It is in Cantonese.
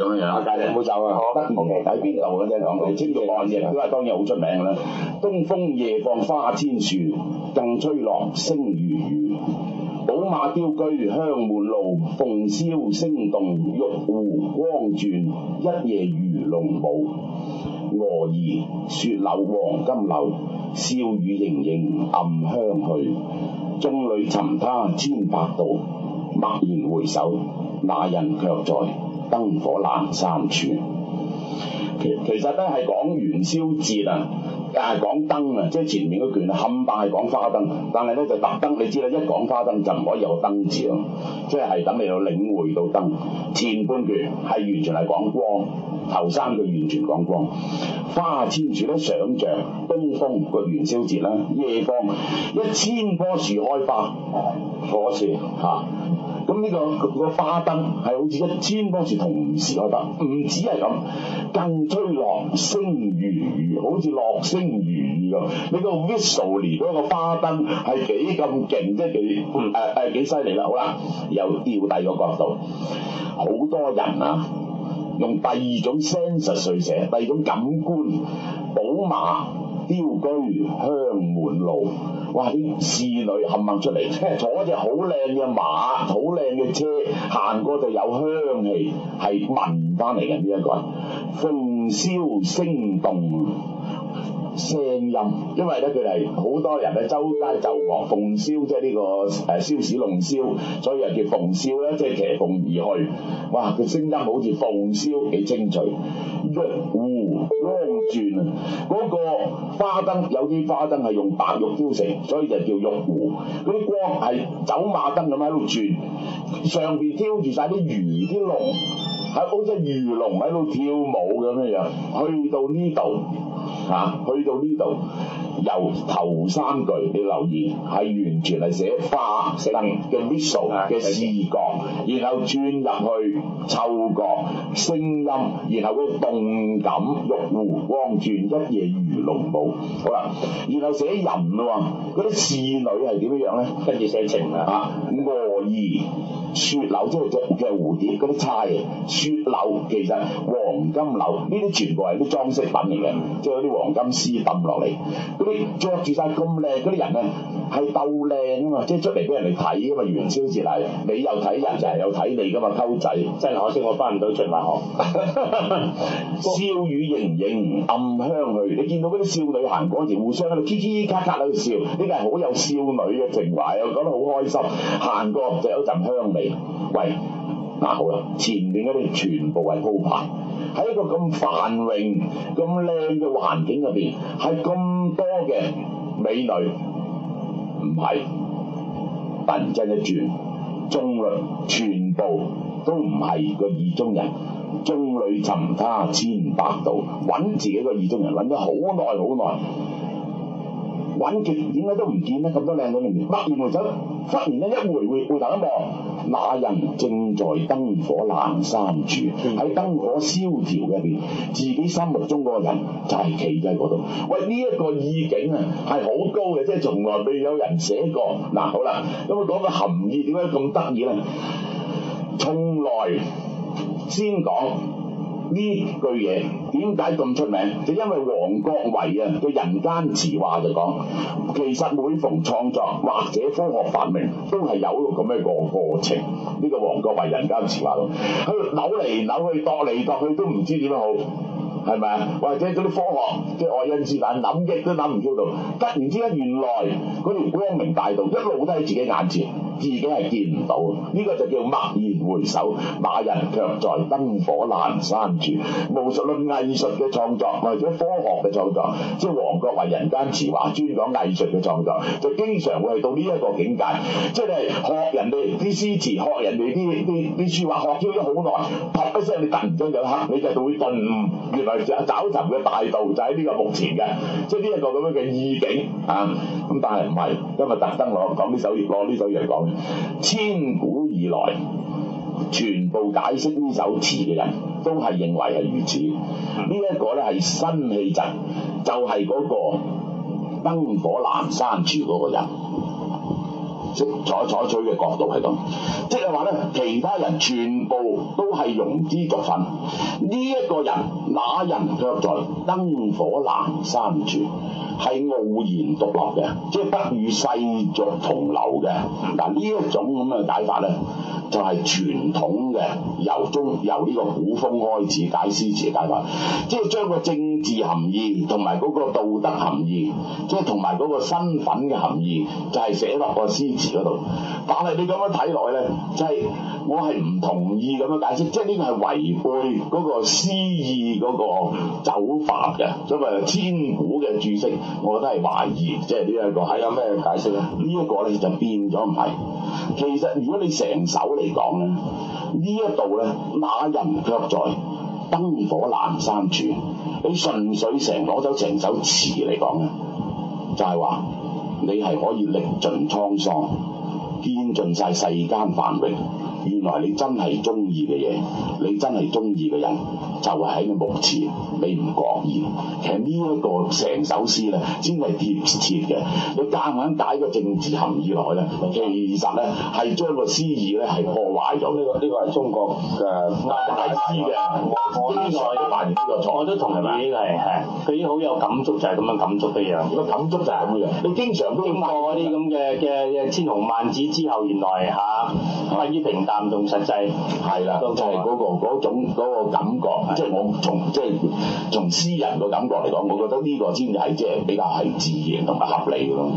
咁樣、啊，冇走啊，喺邊度嘅啫，喺青玉案嘅，都話當年好出名嘅、啊、啦。東風夜放花千樹，更吹落星如雨。寶馬雕車香滿路，鳳簫聲動玉壺光轉。一夜魚龍舞。蛾兒雪柳黃金縷，笑語盈盈暗香去。眾裏尋他千百度，驀然回首，那人卻在。燈火闌珊處，其其實咧係講元宵節啊，但係講燈啊，即係前面嗰句冚唪唥係講花燈，但係咧就特登，你知啦，一講花燈就唔可以有燈字咯，即係等你有領會到燈。前半句係完全係講光，後三句完全講光。花千樹咧，想像東風個元宵節啦，夜光一千棵樹開花，火樹嚇。啊呢、這個、這個花燈係好似一千多次同時來得，唔止係咁，更吹落星如雨，好似落星如雨咁。呢、這個 visual 嗰個花燈係幾咁勁啫？幾誒誒幾犀利啦！好啦，又吊大個角度，好多人啊，用第二種 sense 嚟寫，第二種感官，寶馬。雕車香滿路，哇！啲侍女冚唪出嚟，坐一隻好靚嘅馬，好靚嘅車，行過就有香氣，係聞返嚟嘅呢一個人，鳳簫聲動。因為咧佢係好多人咧周街奏樂鳳簫，即係呢、這個誒、啊、簫是龍簫，所以啊叫鳳簫啦，即、就、係、是、騎鳳而去。哇！佢聲音好似鳳簫幾清脆，玉壺光轉啊！嗰、那個花燈有啲花燈係用白玉雕成，所以就叫玉壺。嗰、那、啲、個、光係走馬燈咁喺度轉，上邊挑住晒啲魚、啲龍，喺好似魚龍喺度跳舞咁樣樣，去到呢度。嚇、啊，去到呢度由頭三句你留意係完全係寫花燈嘅 visual 嘅視覺，然後轉入去嗅覺聲音，然後個動感，玉壺光轉，一夜魚龍舞，好啦，然後寫人啊，嗰啲侍女係點樣樣咧？跟住寫情啊吓，咁蛾兒雪柳即係即嘅蝴蝶，啲釵啊、雪柳其實黃金柳，呢啲全部係啲裝飾品嚟嘅，即係啲。黃金絲抌落嚟，嗰啲着住晒咁靚，嗰啲人咧係鬥靚啊嘛，即係出嚟俾人哋睇啊嘛，元宵節嚟，你又睇人，就係有睇你噶嘛，溝仔。真係可惜，我翻唔到進化學。笑語盈盈暗香去，你見到嗰啲少女行過嗰時，互相喺度吱吱咔咔喺度笑，呢個係好有少女嘅情懷啊，覺得好開心。行過就有陣香味。喂，嗱好啦，前面嗰啲全部係鋪排。喺一個咁繁榮、咁靚嘅環境入邊，係咁多嘅美女，唔係，突然間一轉，眾女全部都唔係個意中人，眾裏尋他千百度，揾自己個意中人揾咗好耐好耐。揾極點解都唔見咧，咁多靚女入面，忽然回首，忽然咧，一回回回頭一望，那人正在燈火闌珊處，喺燈火蕭條入邊，自己心目中嗰個人就係企喺嗰度。喂，呢一個意境啊係好高嘅，即係從來未有人寫過。嗱，好啦，咁我講個含義點解咁得意咧？從來先講。呢句嘢點解咁出名？就因為王國維啊嘅《人間詞話》就講，其實每逢創作或者科學發明，都係有咁嘅個過程。呢、這個王國維《人間詞話》咯，佢扭嚟扭去，度嚟度去，都唔知點樣好，係咪啊？或者嗰啲科學，即、就、係、是、愛因斯坦諗極都諗唔到到，突然之間原來嗰條光明大道一路都喺自己眼前。自己係見唔到，呢、這個就叫驀然回首，那人卻在燈火闌珊處，無論藝術嘅創作，或者科學嘅創作，即係王國維《人間詞話》專講藝術嘅創作，就經常會係到呢一個境界，即係學人哋啲詩詞學人哋啲啲啲書畫學咗咗好耐，啪一聲你突然間就黑，你就會頓悟，原來來找尋嘅大道就喺呢個目前嘅，即係呢一個咁樣嘅意境啊。咁但係唔係今日特登攞講呢首攞呢首嘢講。千古以來，全部解釋呢首詞嘅人都係認為係如此。呢、這、一個咧係辛棄疾，就係、是、嗰個燈火闌珊處嗰個人。採採取嘅角度係噉，即係話咧，其他人全部都係融資作品，呢一個人，那人卻在燈火闌珊處，係傲然獨立嘅，即係不與世俗同流嘅。嗱，呢一種咁嘅解法咧，就係、是、傳統嘅由中由呢個古風開始解詩詞嘅解法，即係將個正。字含義同埋嗰個道德含義，即係同埋嗰個身份嘅含義，就係、是、寫落個詩詞嗰度。但係你咁樣睇落去咧，就係、是、我係唔同意咁樣解釋，即係呢個係違背嗰個詩意嗰個走法嘅，所謂千古嘅注釋我都係懷疑，即係呢一個係有咩解釋咧？呢、這、一個咧就變咗唔係。其實如果你成首嚟講咧，呢一度咧，那人卻在，燈火闌珊處，你純粹成攞走成首詞嚟講咧，就係話你係可以歷盡滄桑，見盡晒世間繁榮。原來你真係中意嘅嘢，你真係中意嘅人，就係喺你目前，你唔覺意。其實呢一個成首詩咧，只係貼切嘅。你夾硬帶個政治含義落去咧，其實咧係將個詩意咧係破壞咗。呢個呢個係中國嘅大師嘅。我我都同意呢個，我都同意。呢個係係佢已經好有感觸，就係、是、咁樣感觸嘅樣。個感觸就係咁樣。你經常都經過嗰啲咁嘅嘅千紅萬紫之後，原來嚇歸於平淡同實際。係啦，的就係嗰、那個嗰的種嗰個感覺。即係我從即係從私人個感覺嚟講，我覺得呢個先至係即係比較係自然同埋合理嘅咯。